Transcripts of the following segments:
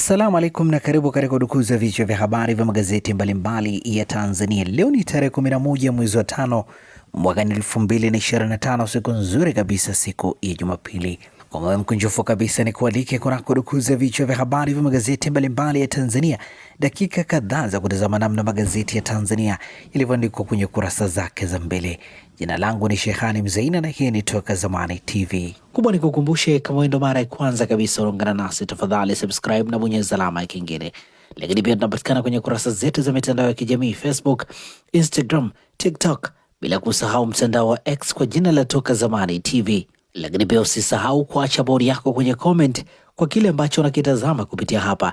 Assalamu alaikum na karibu katika udukuzi za vichwa vya habari vya magazeti mbalimbali ya Tanzania. Leo ni tarehe 11 mwezi wa tano mwakani 2025, siku nzuri kabisa, siku ya Jumapili. Kwa moyo mkunjufu kabisa ni kualike kuna dukuzi za vichwa vya habari vya magazeti mbalimbali ya Tanzania dakika kadhaa za kutazama namna magazeti ya Tanzania yalivyoandikwa kwenye kurasa zake za mbele. Jina langu ni Shehani Mzeina na hii ni Toka Zamani TV. Kubwa ni kukumbushe, kama wewe ndo mara ya kwanza kabisa unaungana nasi, tafadhali subscribe na bonyeza alama ya kengele. Lakini pia tunapatikana kwenye kurasa zetu za mitandao ya kijamii Facebook, Instagram, TikTok, bila kusahau mtandao wa X kwa jina la Toka Zamani TV. Lakini pia usisahau kuacha bodi yako kwenye comment kwa kile ambacho unakitazama kupitia hapa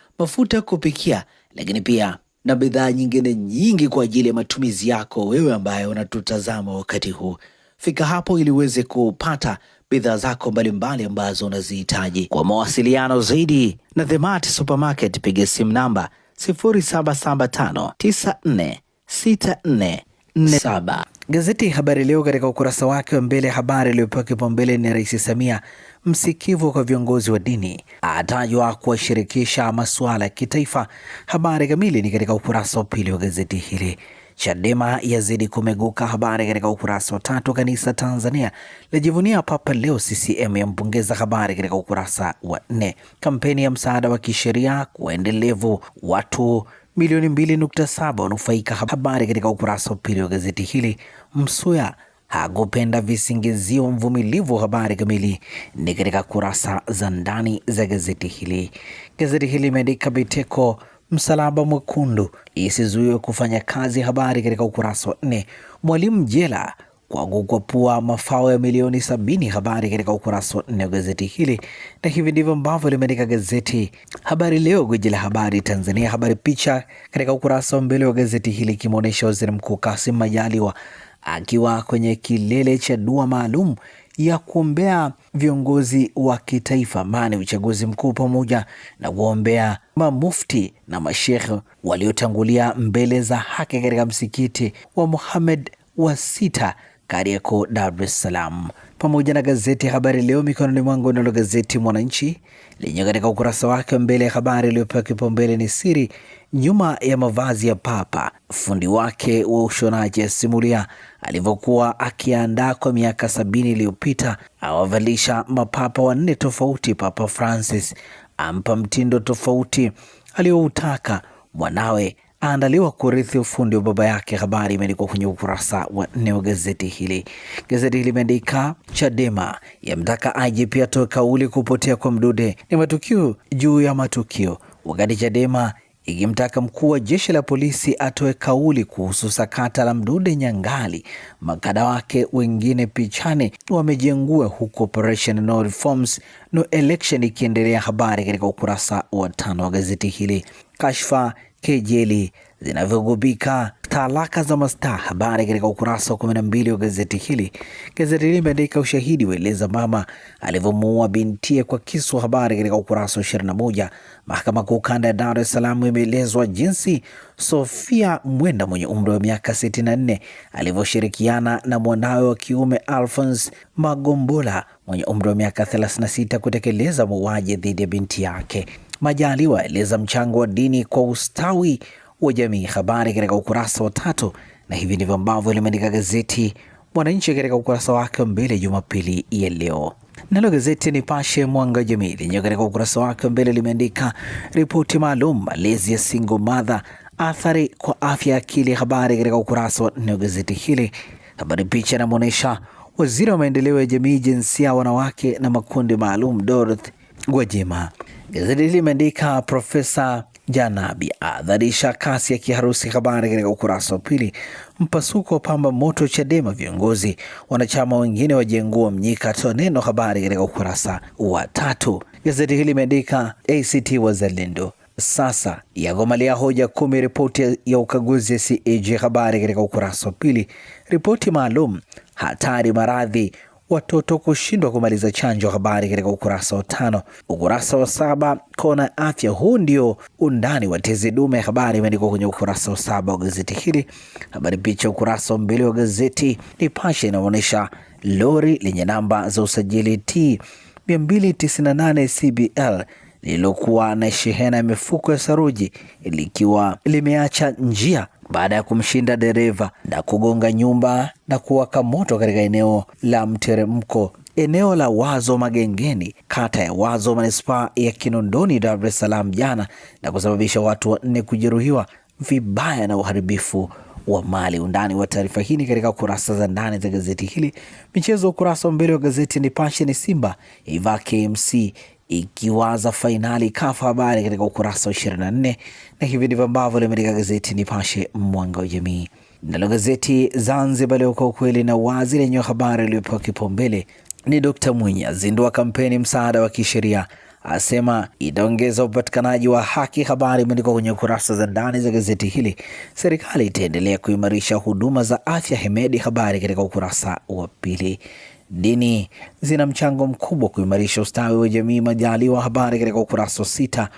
mafuta ya kupikia, lakini pia na bidhaa nyingine nyingi kwa ajili ya matumizi yako wewe ambaye unatutazama wakati huu. Fika hapo ili uweze kupata bidhaa zako mbalimbali ambazo unazihitaji. Kwa mawasiliano zaidi na themat Supermarket piga simu namba 0775946447. Gazeti Habari Leo katika ukurasa wake wa mbele, habari iliyopewa kipaumbele ni Rais Samia msikivu kwa viongozi wa dini, atajwa kuwashirikisha masuala ya kitaifa. Habari kamili ni katika ukurasa wa pili wa gazeti hili. Chadema yazidi kumeguka, habari katika ukurasa wa tatu. Kanisa Tanzania lajivunia Papa Leo, CCM yampongeza, habari katika ukurasa wa nne. Kampeni ya msaada wa kisheria kuendelevu watu milioni 2.7 wanufaika. Habari katika ukurasa wa pili wa gazeti hili. Msuya hakupenda visingizio, mvumilivu. Habari kamili ni katika kurasa za ndani za gazeti hili. Gazeti hili imeandika Biteko msalaba mwekundu isizuiwe kufanya kazi. Habari katika ukurasa wa nne. Mwalimu jela Kwangu kwa mafao ya milioni sabini. Habari katika ukurasa wa nne wa gazeti hili, na hivi ndivyo ambavyo limeandika gazeti Habari Leo, gwiji la habari Tanzania. Habari picha katika ukurasa wa mbele wa gazeti hili ikimwonyesha Waziri Mkuu Kassim Majaliwa akiwa kwenye kilele cha dua maalum ya kuombea viongozi wa kitaifa maana uchaguzi mkuu, pamoja na kuombea mamufti na mashekhe waliotangulia mbele za haki katika msikiti wa Muhammad wa sita Kariakoo, Dar es Salaam, pamoja na gazeti ya Habari Leo mikononi mwangu. Nalo gazeti Mwananchi lenye katika ukurasa wake mbele ya habari iliyopewa kipaumbele ni siri nyuma ya mavazi ya Papa, fundi wake wa ushonaji asimulia alivyokuwa akiandaa kwa miaka sabini iliyopita, awavalisha mapapa wanne tofauti. Papa Francis ampa mtindo tofauti alioutaka mwanawe aandaliwa kurithi ufundi wa baba yake. Habari imeandikwa kwenye ukurasa wa nne wa gazeti hili. Gazeti hili imeandika Chadema yamtaka IGP atoe kauli kupotea kwa Mdude, ni matukio juu ya matukio, wakati Chadema ikimtaka mkuu wa jeshi la polisi atoe kauli kuhusu sakata la Mdude Nyangali. Makada wake wengine pichani wamejengua huku operation no reforms no election ikiendelea. Habari katika ukurasa wa tano wa gazeti hili. Kashfa kejeli zinavyogubika talaka za mastaa. Habari katika ukurasa wa kumi na mbili wa gazeti hili. Gazeti hili limeandika ushahidi waeleza mama alivyomuua bintie kwa kisu, habari katika ukurasa wa ishirini na moja. Mahakama Kuu kanda ya Dar es Salaam imeelezwa jinsi Sofia Mwenda mwenye umri wa miaka 64 alivyoshirikiana na mwanawe wa kiume Alphonse Magombola mwenye umri wa miaka 36 kutekeleza mauaji dhidi ya binti yake. Majali waeleza mchango wa dini kwa ustawi wa jamii. Habari katika ukurasa wa tatu, na hivi ndivyo ambavyo limeandika gazeti Mwananchi katika ukurasa wake wa mbele Jumapili ya leo. Nalo gazeti Nipashe Mwanga Jamii lenyewe katika ukurasa wake wa mbele limeandika ripoti maalum malezi ya single mother athari kwa afya akili. Habari katika ukurasa wa nne wa gazeti hili, habari picha inamwonyesha waziri wa maendeleo ya jamii, jinsia, wanawake na makundi maalum Dorothy Gwajima. Gazeti hili limeandika Profesa Janabi adharisha kasi ya kiharusi. Habari katika ukurasa wa pili. Mpasuko pamba moto Chadema, viongozi wanachama wengine wajengua Mnyika atoa neno. Habari katika ukurasa wa tatu. Gazeti hili limeandika ACT Wazalendo sasa yagomalia hoja kumi ripoti ya ukaguzi CAG. Habari katika ukurasa wa pili. Ripoti maalum hatari maradhi watoto kushindwa kumaliza chanjo, habari katika ukurasa wa tano. Ukurasa wa saba kona afya, huu ndio undani wa tezi dume, habari imeandikwa kwenye ukurasa wa saba wa gazeti hili. Habari picha ukurasa wa mbili wa gazeti Nipashe inaonyesha lori lenye namba za usajili T 298 CBL lililokuwa na shehena ya mifuko ya saruji likiwa limeacha njia baada ya kumshinda dereva na kugonga nyumba na kuwaka moto katika eneo la mteremko eneo la Wazo Magengeni, kata ya Wazo, manispaa ya Kinondoni, Dar es Salaam jana na kusababisha watu wanne kujeruhiwa vibaya na uharibifu wa mali. Undani wa taarifa hii ni katika kurasa za ndani za gazeti hili. Michezo, ukurasa wa mbele wa gazeti Nipashe ni Simba yaivaa KMC ikiwaza fainali kafa habari katika ukurasa wa 24 na hivi ndivyo ambavyo limeandika gazeti gazeti Nipashe mwanga wa jamii. Nalo gazeti Zanzibar Leo kwa ukweli na wazi lenye habari iliyopewa kipaumbele ni Dkt Mwinyi azindua kampeni msaada wa kisheria asema itaongeza upatikanaji wa haki. Habari imeandikwa kwenye kurasa za ndani za gazeti hili. Serikali itaendelea kuimarisha huduma za afya Hemedi, habari katika ukurasa wa pili dini zina mchango mkubwa kuimarisha ustawi wa jamii. Majaliwa, habari katika ukurasa wa sita.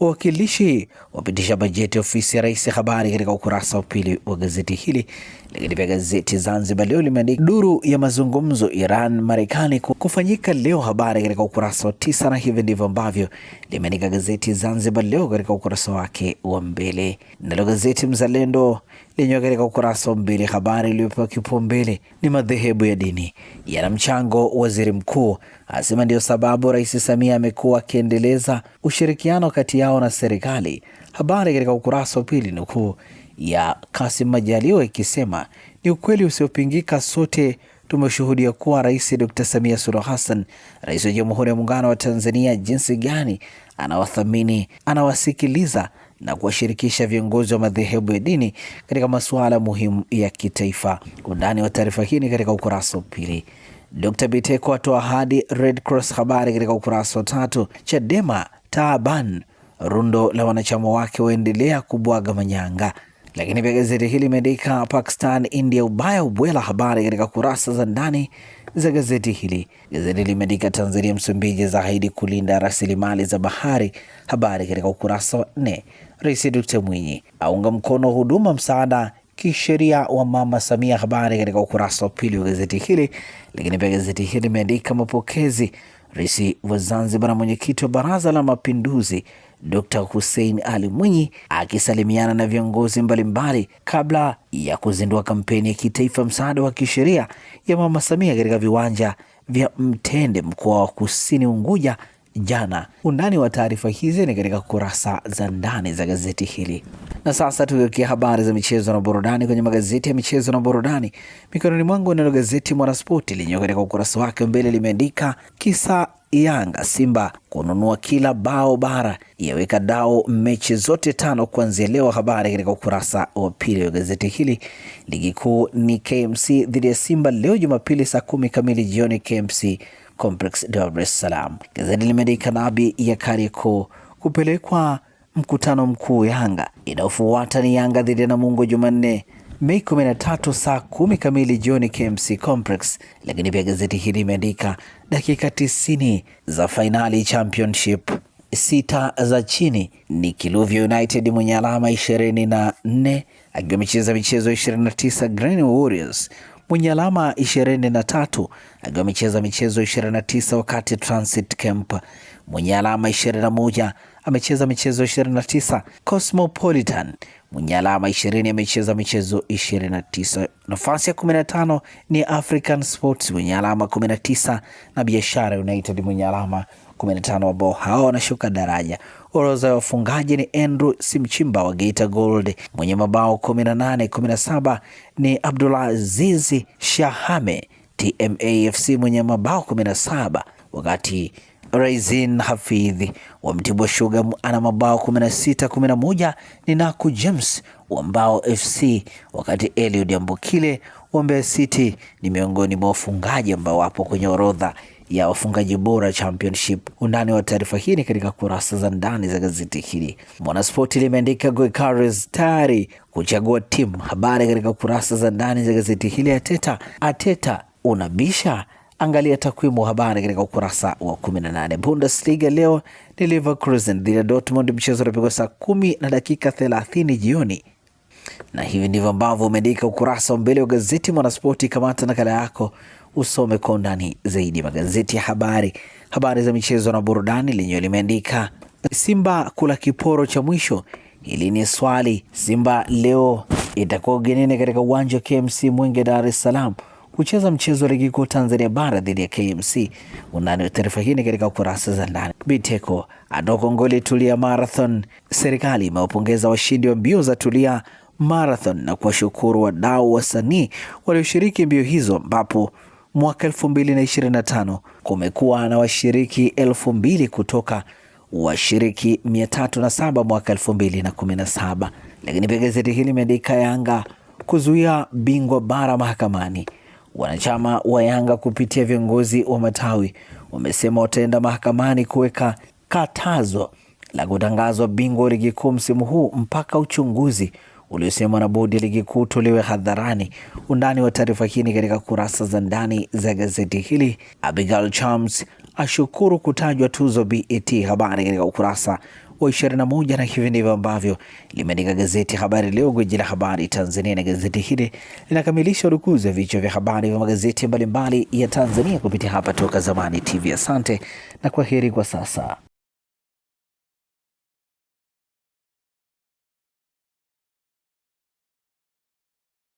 Wawakilishi wapitisha bajeti ofisi ya rais, habari katika ukurasa wa pili wa gazeti hili. Lakini pia gazeti Zanzibar Leo limeandika duru ya mazungumzo Iran Marekani kufanyika leo, habari katika ukurasa wa tisa, na hivi ndivyo ambavyo limeandika gazeti Zanzibar Leo katika ukurasa wake wa mbele. Nalo gazeti Mzalendo lenyewe katika ukurasa wa habari iliyopewa kipaumbele ni madhehebu ya dini yana mchango, waziri mkuu asema ndiyo sababu Rais Samia amekuwa akiendeleza ushirikiano kati yao na serikali. Habari katika ukurasa wa pili, nukuu ya Kasim Majaliwa ikisema ni ukweli usiopingika, sote tumeshuhudia kuwa Rais Dr. Samia Suluhu Hassan, rais wa Jamhuri ya Muungano wa Tanzania, jinsi gani anawathamini, anawasikiliza na kuwashirikisha viongozi wa madhehebu ya dini katika masuala muhimu ya kitaifa. Undani wa taarifa hii ni katika ukurasa wa pili. Dr. Biteko atoa ahadi Red Cross, habari katika ukurasa wa tatu. Chadema taaban, rundo la wanachama wake waendelea kubwaga manyanga lakini pia gazeti hili limeandika Pakistan India ubaya ubwela, habari katika kurasa za ndani za gazeti hili. Gazeti limeandika Tanzania Msumbiji zaahidi kulinda rasilimali za bahari, habari katika ukurasa wa nne. Rais Dkt Mwinyi aunga mkono huduma msaada kisheria wa Mama Samia. Habari katika ukurasa wa pili wa gazeti hili. Lakini pia gazeti hili limeandika mapokezi, rais wa Zanzibar na mwenyekiti wa Baraza la Mapinduzi Dkt Hussein Ali Mwinyi akisalimiana na viongozi mbalimbali kabla ya kuzindua kampeni ya kitaifa msaada wa kisheria ya Mama Samia katika viwanja vya Mtende, mkoa wa Kusini Unguja jana. Undani wa taarifa hizi ni katika kurasa za ndani za gazeti hili. Na sasa tukiwekia habari za michezo na burudani kwenye magazeti ya michezo na burudani mikononi mwangu, nalo gazeti Mwanaspoti lenyewe katika ukurasa wake mbele limeandika kisa Yanga Simba kununua kila bao bara, yaweka dao mechi zote tano kuanzia leo. Habari katika ukurasa wa pili wa gazeti hili. Ligi kuu ni KMC dhidi ya Simba leo Jumapili saa kumi kamili jioni KMC Complex Dar es Salaam. Gazeti limeandika dabi ya Kariakoo kupelekwa mkutano mkuu Yanga, inayofuata ni Yanga dhidi ya Namungo Jumanne Mei 13 saa kumi kamili jioni KMC Complex. Lakini pia gazeti hili limeandika dakika 90 za fainali championship sita za chini ni Kiluvyo United mwenye alama ishirini na nne akiwa amecheza michezo 29 Green Warriors mwenye alama 23 akiwa amecheza michezo 29 wakati Transit Camp mwenye alama 21 amecheza michezo 29. Cosmopolitan mwenye alama 20 amecheza michezo 29. Nafasi ya 15 ni African Sports mwenye alama 19 na Biashara United mwenye alama 15, ambao hao wanashuka daraja. Orodha ya wafungaji ni Andrew Simchimba wa Geita Gold mwenye mabao 18, 17 ni Abdulaziz Shahame TMAFC mwenye mabao 17, wakati Raizin Hafidhi wa Mtibwa Sugar ana mabao 16, 11 ni Naku James wa Mbao FC, wakati Eliud Ambokile wa Mbeya City ni miongoni mwa wafungaji ambao wapo kwenye orodha ya wafungaji bora championship. Undani wa taarifa hii ni katika kurasa za ndani za gazeti hili. Mwanaspoti limeandika Goikares tayari kuchagua timu, habari katika kurasa za ndani za gazeti hili. Ateta Ateta unabisha Angalia takwimu habari katika ukurasa wa 18. Bundesliga leo ni Leverkusen dhidi ya Dortmund, mchezo unapigwa saa kumi na dakika 30 jioni, na hivi ndivyo ambavyo umeandika ukurasa wa mbele wa gazeti Mwanaspoti. Kamata nakala yako usome kwa undani zaidi magazeti ya habari, habari za michezo na burudani. Lenyewe limeandika Simba kula kiporo cha mwisho. Hili ni swali. Simba leo itakuwa ugenini katika uwanja wa KMC Mwenge, Dar es Salaam kucheza mchezo wa ligi kuu Tanzania bara dhidi ya KMC. Undani wa taarifa hii ni katika kurasa za ndani. Biteko atoko ngoli Tulia Marathon. Serikali imewapongeza washindi wa mbio za Tulia Marathon na kuwashukuru wadau wasanii walioshiriki mbio hizo ambapo mwaka 2025 kumekuwa na washiriki 2000 kutoka washiriki 307 mwaka 2017. Lakini pia gazeti hili limeandika Yanga kuzuia bingwa bara mahakamani. Wanachama wa Yanga kupitia viongozi wa matawi wamesema wataenda mahakamani kuweka katazo la kutangazwa bingwa ligi kuu msimu huu mpaka uchunguzi uliosemwa na bodi ya ligi kuu tuliwe hadharani. Undani wa taarifa hii ni katika kurasa za ndani za gazeti hili. Abigail Chams ashukuru kutajwa tuzo BET, habari katika ukurasa wa 21, na hivi ndivyo ambavyo limeandika gazeti Habari Leo, gwiji la habari Tanzania, na gazeti hili linakamilisha urukuzi wa vichwa vya habari vya magazeti mbalimbali ya Tanzania kupitia hapa Toka Zamani TV. Asante na kwaheri kwa sasa.